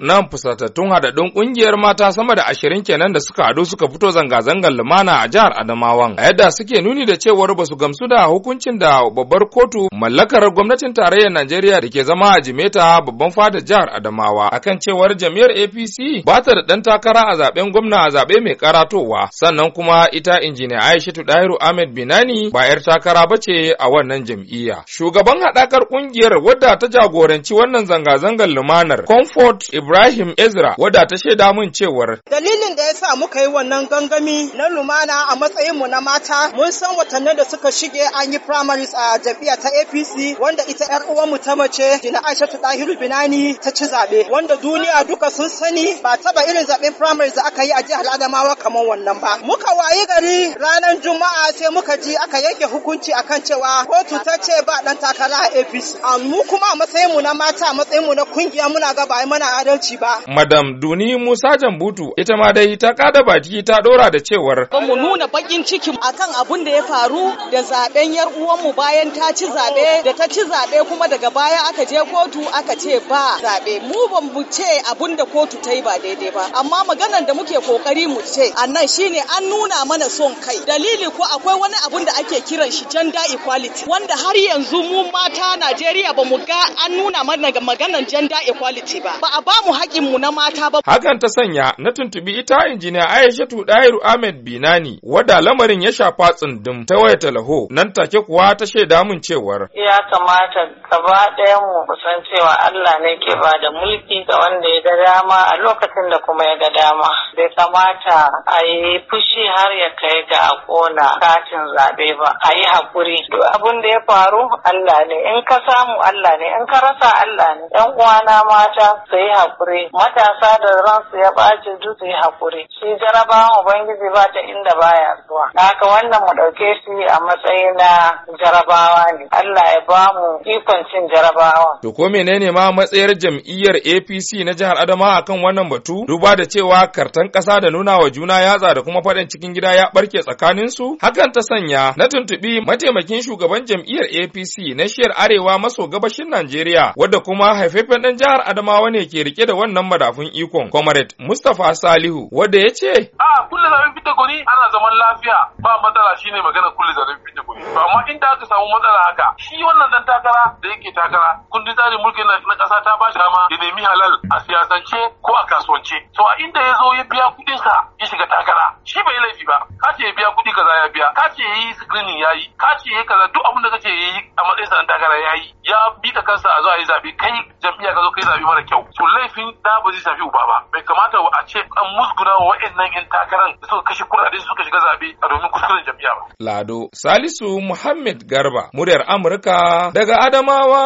nan fusatattun haɗaɗɗun ƙungiyar mata sama da ashirin kenan da suka haɗu suka fito zanga-zangar lumana a jihar Adamawa. A yadda suke nuni da cewar ba su gamsu da hukuncin da babbar kotu mallakar gwamnatin tarayyar Najeriya da ke zama a Jimeta babban fadar jihar Adamawa akan cewar jam'iyyar APC ba ta da ɗan takara a zaben gwamna a zaɓe mai karatowa sannan kuma ita injiniya Aishatu Dahiru Ahmed Binani ba 'yar takara ba ce a wannan jam'iyya. Shugaban haɗakar ƙungiyar wadda ta jagoranci wannan zanga-zangar lumanar Comfort Ibrahim Ibrahim Ezra wadda ta shaida mun cewar. Dalilin da ya sa muka yi wannan gangami na lumana a matsayin mu na mata mun san watannin da suka shige an yi primaries a jam'i'a ta APC wanda ita 'yar uwanmu ta mace Jina ta Dahiru Binani ta ci zaɓe wanda duniya duka sun sani ba taba irin zaɓen primaries da aka yi a jihar Adamawa kamar wannan ba. Muka wayi gari ranar Juma'a sai muka ji aka yanke hukunci akan cewa kotu ta ce ba dan takara a APC. Mu kuma a matsayinmu na mata a mu na kungiya muna ga mana adalci talauci ba. Madam Duni Musa Jambutu ita ma dai ta kada baki ta dora da cewar. Ba mu nuna bakin cikin akan abun da ya faru da zaben yar uwanmu bayan ta ci zabe da ta ci zabe kuma daga baya aka je kotu aka ce ba zabe. Mu ban mu ce abun da kotu ta yi ba daidai ba amma maganar da muke kokari mu ce annan shine an nuna mana son kai dalili ko akwai wani abun da ake kiran shi gender equality wanda har yanzu mu mata Najeriya ba mu ga an nuna mana maganar gender equality ba ba a ba mu mu mu na mata ba. Hakan ta sanya na tuntubi ita injiniya aisha Dahiru Ahmed Binani wadda lamarin ya shafa tsundum ta waya laho? nan take kuwa ta shaida mun cewar. Ya kamata gaba ɗayan mu kusan cewa Allah ne ke ba da mulki ga wanda ya ga dama a lokacin da kuma ya ga dama. Bai kamata a yi fushi har ya kai ga a ƙona katin zaɓe ba. A yi haƙuri. Duk abin da ya faru Allah ne. In ka samu Allah ne. In ka rasa Allah ne. ‘Yan uwana mata su yi haƙuri. haƙuri matasa da ransu ya ɓaci duk su yi haƙuri shi jarabawan ubangiji ba ta inda baya zuwa haka wannan mu ɗauke shi a matsayin na jarabawa ne Allah ya ba mu ikon cin jarabawa. To ko menene ma matsayar jam'iyyar APC na jihar Adamawa akan wannan batu duba da cewa kartan ƙasa da nuna wa juna yatsa da kuma faɗin cikin gida ya ɓarke tsakaninsu hakan ta sanya na tuntuɓi mataimakin shugaban jam'iyyar APC na shiyar arewa maso gabashin Najeriya wadda kuma haifafen ɗan jihar Adamawa ne ke rike rike da wannan madafun ikon comrade Mustapha Salihu wanda ya ce Aa, kulle zaben fita guri ana zaman lafiya ba matsala shine magana kulle zaben fita guri to amma da aka samu matsala haka shi wannan dan takara da yake takara kundin tsarin mulkin na kasa ta ba shi dama ya nemi halal a siyasance ko a kasuwance to a inda ya zo ya biya sa ya shiga takara shi bai yi laifi ba ka ce ya biya kuɗi kaza ya biya ka ce yi screening ya yi ka ce ya kaza duk abin da kake yi a matsayin sa takara ya yi ya bi ta kansa a zuwa yi zabe kai jami'a ka zo kai zabe mara kyau to laifin da ba zai shafi uba ba bai kamata a ce an musguna wa wa'annan yan takaran da suka kashe kuɗaɗe suka shiga zabe a domin kuskuren jam'iyya ba Lado Salisu Muhammad Garba muryar Amurka daga Adamawa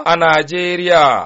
a Najeriya